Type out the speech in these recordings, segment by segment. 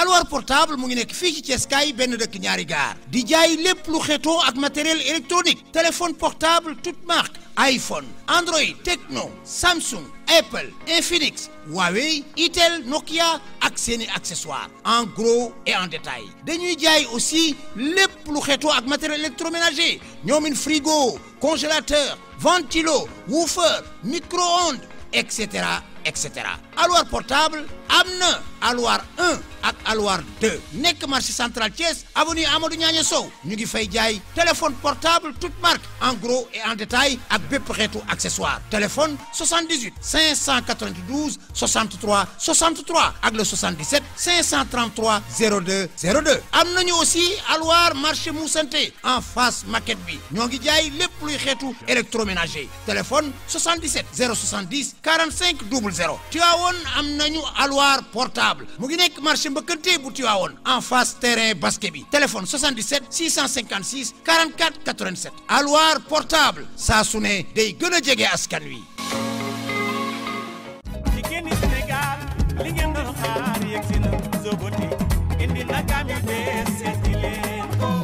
alors portable mu ngi nek fi ci Sky kaay ben ñaari gar di jaay lepp lu matériel électronique téléphone portable toute marque iPhone Android Techno, Samsung Apple Infinix Huawei Itel Nokia ak accessoires en gros et en détail dañuy jaay aussi lepp lu xetoo matériel électroménager une frigo congélateur ventilo woofer micro-ondes etc etc Aloir portable amna Alouar 1 et Aloir 2 Nek marché central Thiès avenue Amadou Niagne Sow téléphone portable toute marque en gros et en détail Avec des xeetu accessoire téléphone 78 592 63 63 Et le 77 533 02 02 am aussi Aloir marché Moussanté en face maquette bi ñoo ngi jaay électroménager téléphone 77 070 45 Double tu as am nañu portable mu ngi nek marché mbëkkante bu Tivaouane en face terrain basket téléphone 77 656 44 87 Alloir portable ça suné day gëna a askan wi.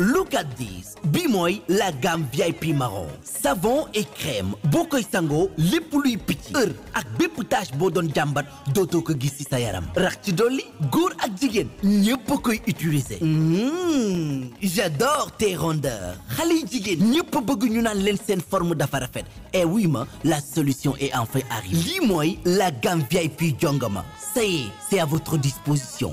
look at this bimoy, la gamme VIP marron savon et crème Boko sango, sangoo lépp luy picc ak bépp bodon sayaram. d'auto gour gissi ko ci sa yaram ci ak koy utiliser hmm, j'adore tes rondeurs Khali N'y a pas nyunan ñu forme d'affarafet. rafet et eh oui ma la solution est enfin arrivée Limoy, la gamme VIP djongama. ça y est c'est à votre disposition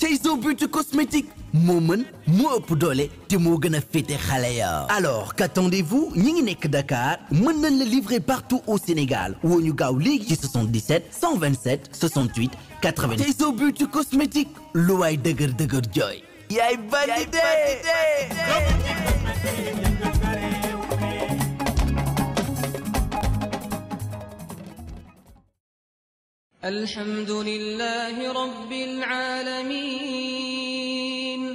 Cheizo Beauty Cosmétique moo mën moo ëpp doole te moo gën a féete xale ya alors qu'attendez-vous ñi ngi nekk Dakar mën nañ la livrer partout au Sénégal woo ñu gaaw léegi ci 77 127 68 80 Cheizo Beauty Cosmétique lu waay dëgër dëgër jooy yaay bandi de الحمد لله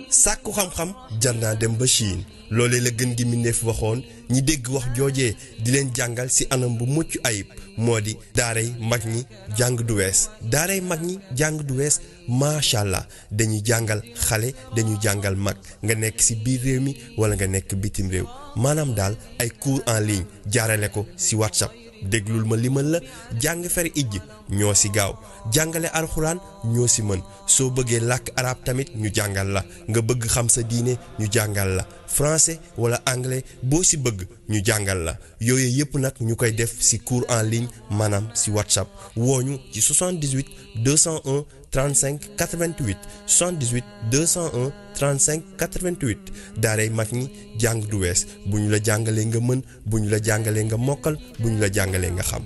sàkku xam-xam jar naa dem ba Chine loole la gën gi mbindéef waxoon ñi dégg wax joojee di leen jàngal ci anam bu mucc ayib moo di daaray mag ñi jàng du wees daaray mag jàng du wees macha allah dañuy jàngal xale dañuy jàngal mag nga nekk ci biir réew mi wala nga nekk bitim réew maanaam daal ay cours en ligne jaarale ko ci WhatsApp déglul ma limal la jàng fer ijj ñoo si gaaw jàngale alxuraan ñoo si mën soo bëggee làkk arab tamit ñu jàngal la nga bëgg xam sa diine ñu jàngal la français wala anglais boo si bëgg ñu jàngal la yooyu yëpp nag ñu koy def si cours en ligne maanaam si whatsapp wooñu ci 78 201 35 88 78 201 35 88 daaray mag ñi jàng du wees bu ñu la jàngalee nga mën bu ñu la jàngalee nga mokkal bu ñu la jàngalee nga xam.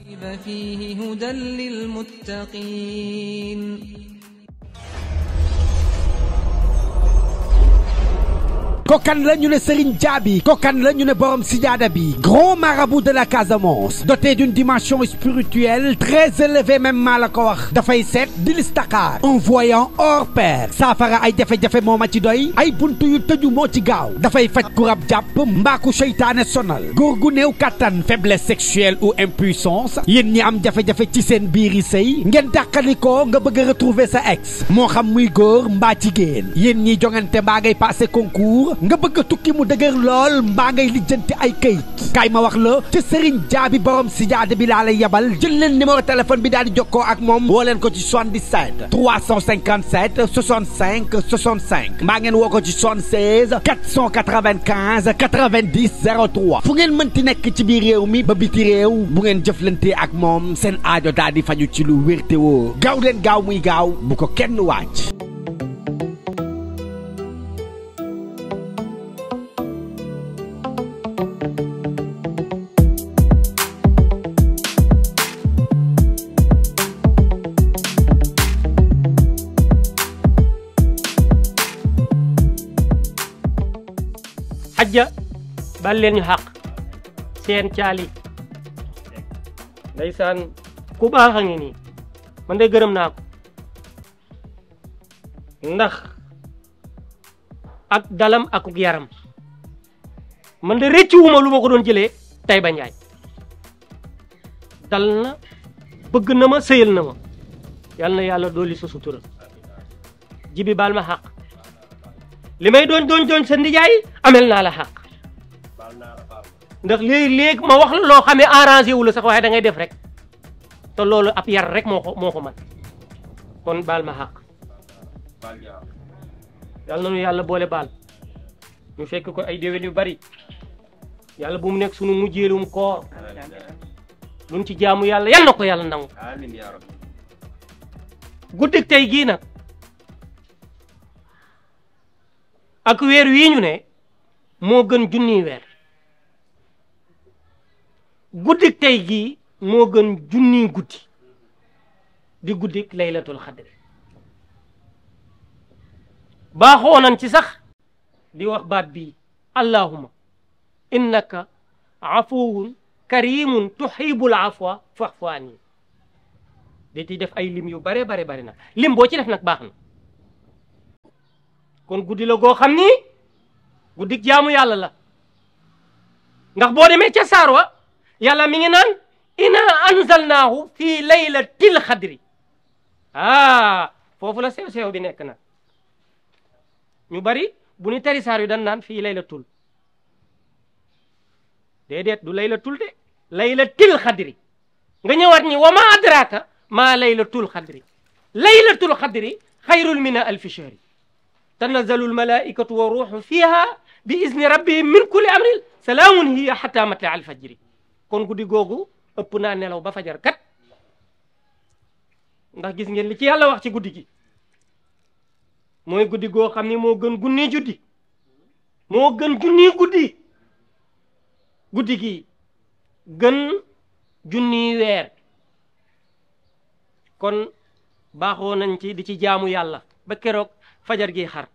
kokan la ñu ne Serigne kokan la ñu né borom bi grand marabout de la Casamance doté d'une dimension spirituelle très élevée même malako la ko wax dafay voyant hors pair Safara ay jafé jafé moo ma ci doy ay buntu yu tëju mo ci gaaw dafay faj ku rab japp mbaku faiblesse sexuelle ou impuissance yeen ñi am jafé jafé ci seen biiri sey ngeen takaliko nga bëgg retrouver sa ex mo xam muy góor mbaa jigéen yeen ñi jongante concours nga bëgg a tukki mu dëgër lool mbaa ngay lijjanti ay kayit kaay ma wax la ci Serigne Jaabi borom si jaade bi laa lay yebal jël leen numéro téléphone bi daal di jokkoo ak moom woo leen ko ci 77 357 65 65 mbaa ngeen woo ko ci 76 495 90 03 fu ngeen mënti nekk ci biir réew mi ba biti réew bu ngeen jëflante ak moom seen aajo daal di faju ci lu wér te woo gaaw leen gaaw muy gaaw bu ko kenn waaj bal leen ñu xàq seen caali ndeysaan ku baax a ngi nii gërëm naa ko ndax ak dalam akuk yaram man de rëcc wuma lu ma ko doon jëlee tay ba njaay dal na bëgg na ma sëyal na ma yal na yàlla dooli sa sutura jibi baal ma xàq li may doon doon doon sa ndijaay naa la xàq ndax léeg-léeg ma wax la loo xam ne arrangé wu sax waaye dangay def rek te loolu ab yar rek moo ko moo ko baal ma xàq yàlla na yàlla boole baal ñu fekk ko ay déwén yu bari yàlla bu mu nekk sunu mujjeelum koor luñ ci jaamu yàlla yàl na ko yàlla nangu guddik tey gii nag ak weer wii ñu ne moo gën junniy weer guddik tay gi mo gën junni guddi di guddik laylatul xadri ba xonan ci sax di wax bab bi allahumma innaka afuwun karimun tuhibul afwa fa'fu anni da ci def ay lim yu bare bare bare na lim bo ci def nak baxna kon guddi la go xamni ni guddik jaamu yàlla la ndax bo demé ci sarwa يلا مينان إنا أنزلناه في ليلة تل خدري آه فوفلا سيو سيو بنكنا نبري بني تري ساري دنان في ليلة طول ديديت دو ليلة تل دي ليلة الخدر غني ورني وما أدراك ما ليلة تل خدري ليلة تل خدري خير من ألف شهر تنزل الملائكة وروح فيها بإذن ربهم من كل أمر سلام هي حتى مطلع الفجر kon gudi gogu ëpp na nelaw ba fajar kat ndax gis ngeen li ci yalla wax ci gudi gi moy gudi go xamni mo gën juni juddi mo gën junni gudi gudi gi gën junni wër kon baxo nañ ci di ci jaamu yalla ba kérok fajar gi xar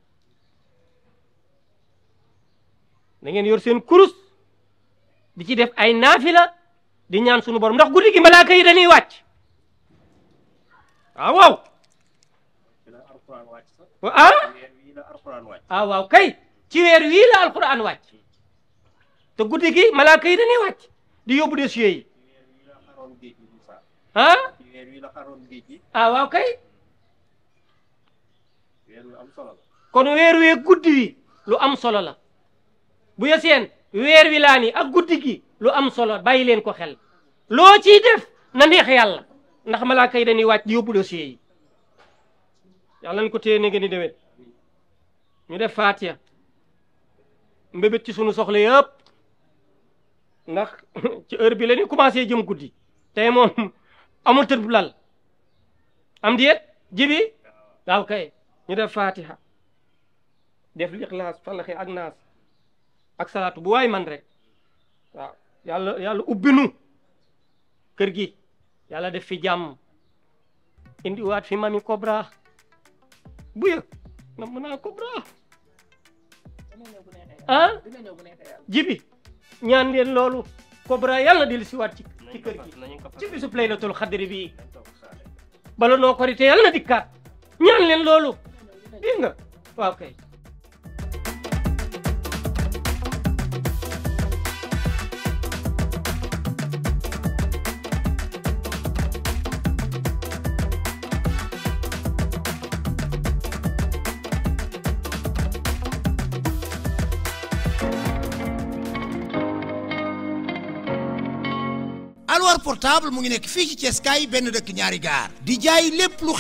da ngeen yor seen kurus di ci def ay nafila di ñaan suñu borom ndax guddigi malaaka yi dañuy wàcc waaw ah, waaw ah ah waw kay ci weer wi la alquran wacc te guddigi malaaka yi dañuy wacc di yobbu des yoy ha ah, ah waw kay kon wi lu am solo la bu yeseen weer wi laa ni ak guddi gi lu am solo bàyyi leen ko xel loo ci def na neex yàlla ndax malaaka yi dañuy wàcc yóbbu dossier yi yàlla na ko téye ne ngeen di déwén ñu def faatiya mbébét ci sunu soxla yëpp ndax ci heure bi la ñu commencé jëm guddi tey moom amul tëdd bu lal am diet jibi waaw kay ñu def faatiha def lixlaas falaxi ak naas ak salaatu bu waay man rek waaw yàlla yàlla ubbinu gi yàlla def fi jàmm indiwaat fi mami Cobra bu na mën naa Cobra ah jibi leen loolu yàlla dellu siwaat ci ci kër gi ci bisu xadri bi bala noo korite yàlla na dikkaat leen loolu dégg Alwar portable mu ngi nekk fii ci Thiès ben benn dëkk ñaari gar di jaay lepp lu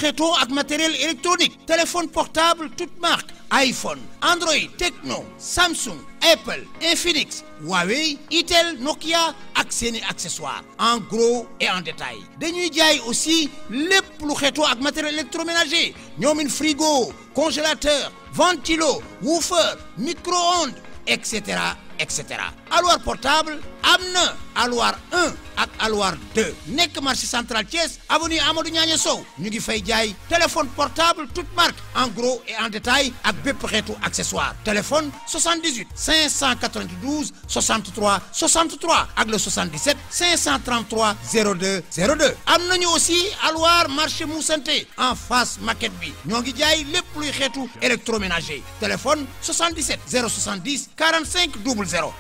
ak matériel électronique téléphone portable toute marque iPhone Android Techno, Samsung Apple Infinix Huawei Intel, Nokia ak accessoires en gros et en détail dañuy jaay aussi lepp lu xetoo ak matériel électroménager une frigo congélateur ventilo woofer micro-ondes etc etc aloir portable amna Alloir 1 ak aloir 2 que marché central Thiès avenue Amadou Niagne Sow ñu ngi fay téléphone portable toute marque en gros et en détail avec des xeetu accessoire téléphone 78 592 63 63 ak le 77 533 02 02 am aussi Alloir marché Moussanté en face maquette bi ñoo ngi jaay plus luy électroménager téléphone 77 070 45 00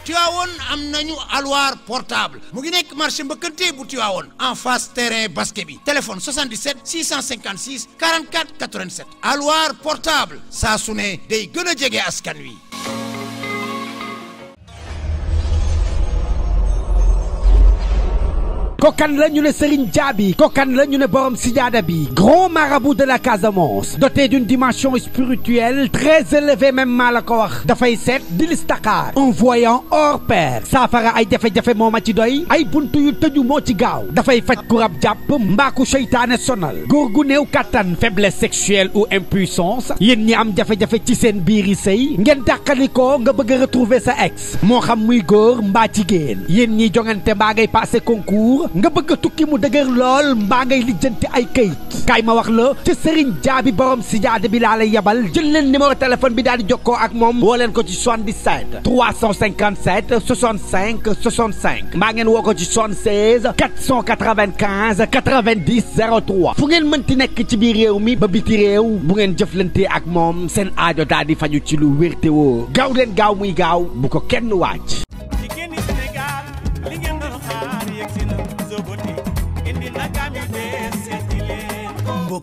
nous am nañu portable mu ngi nekk marché mbëkkante bu en face terrain basket bi téléphone 77 656 44 87 alwar portable saa su ne day gën a jege askan wi. kokan la ñu ne Serigne djabi kokan la ñu ne borom sijaada bi grand marabout de la Casamance doté d'une dimension spirituelle très élevée même maa la ko wax dafay di un voyant hors pair Safara ay jafé jafé moma ci doy ay buntu yu tëju mo ci gaaw dafay faj ku rab jàpp mbaa sonal gorgu faiblesse sexuelle ou impuissance yeen ñi am jafé jafé ci sen biiri sey sëy ngeen nga bëgg retrouver sa ex mo xam muy mba ci geen yeen ñi jongante mbaa ngay passer concours nga bëgg a tukki mu dëgër lool mbaa ngay lijjanti ay kayit kaay ma wax la ci Serigne Jaabi borom si jaade bi laa lay yebal jël leen numéro téléphone bi daal di jokkoo ak moom woo leen ko ci 77 357 65 65 mbaa ngeen woo ko ci 76 495 90 03 fu ngeen mënti nekk ci biir réew mi ba biti réew bu ngeen jëflante ak moom seen aajo daal di faju ci lu wér gaaw leen gaaw muy gaaw bu ko kenn waaj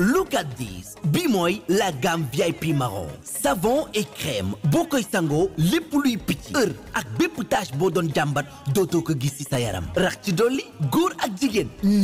look at this bimoy, la gamme VIP marron savon et crème bokoy sango sangoo lépp luy picc bodon ak dotok tache boo ko ci sa yaram ci et ak jigéen Mmm,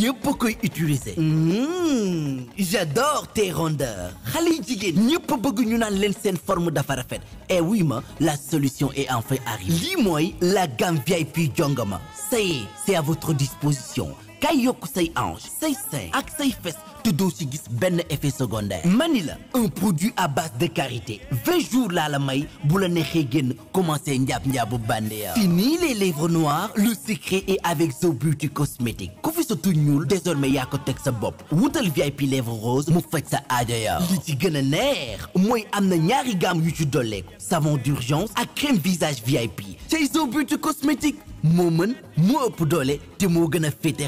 utiliser mmh, j'adore tes rondeurs xale yi n'y ñépp bëgg ñu nous forme d'affaire et eh oui ma la solution est enfin arrivée Limoy, la gamme VIP jongama ça y est c'est à votre disposition kay yokk say ange say sein ak say fes te doo ci gis benn effet secondaire manila un produit à base de carité. vingt jours laa la may bu la Commencez génn commencé njaab-njaabu bandeya fini les lèvres noires le secret est avec Zo Beauty cosmétique ku fi sa tuñ ñuul désormais yaa ko teg sa bopp wutal VIP lèvre rose mu faj sa aajo ya li ci gën a neex mooy am na ñaari gamme yu ci dolleeku savon d'urgence ak crème visage VIP chez Zo Beauty cosmétique moo moi dole, ëpp doole te moo des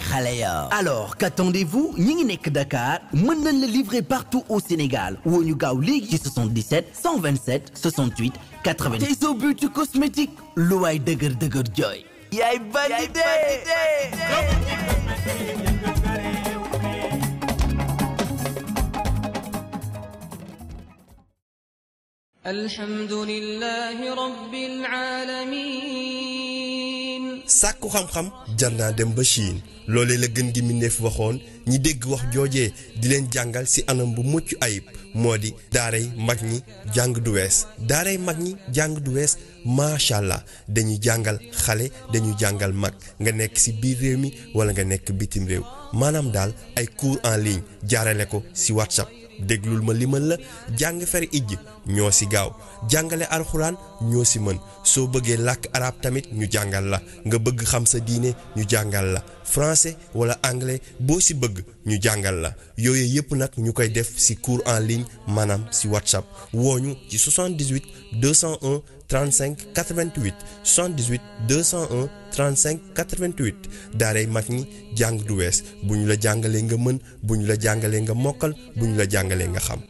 alors qu'attendez-vous ñi ngi nekk Dakar mën nañ la livrer partout au Sénégal woo ñu gaaw ligne 77 127 68 80 tey soo cosmétiques, cosmétique lu waay dëgër dëgër jooy yaay bandi de rabbil alamin sàkku xam-xam jar naa dem ba Chine loolee la gën gi mbindéef waxoon ñi dégg wax joojee di leen jàngal ci anam bu mucc ayib moo di daaray mag ñi jàng du wees daaray mag ñi jàng du wees macha allah dañuy jàngal xale dañuy jàngal mag nga nekk ci biir réew mi walla nga nekk bitim réew maanaam daal ay cours en ligne jaarale ko ci WhatsApp déglul ma limal la jàng fer ijj ñoo si gaaw jàngale alxuraan ñoo si mën soo bëggee làkk arab tamit ñu jàngal la nga bëgg xam sa diine ñu jàngal la français wala anglais boo si bëgg ñu jàngal la yooyu yëpp nag ñu koy def si cours en ligne maanaam si whatsapp wooñu ci 78 201 35 88 78 201 35 88 daaray mag ñi jàng du wees bu ñu la jàngalee nga mën bu ñu la jàngalee nga mokkal bu ñu la jàngalee nga xam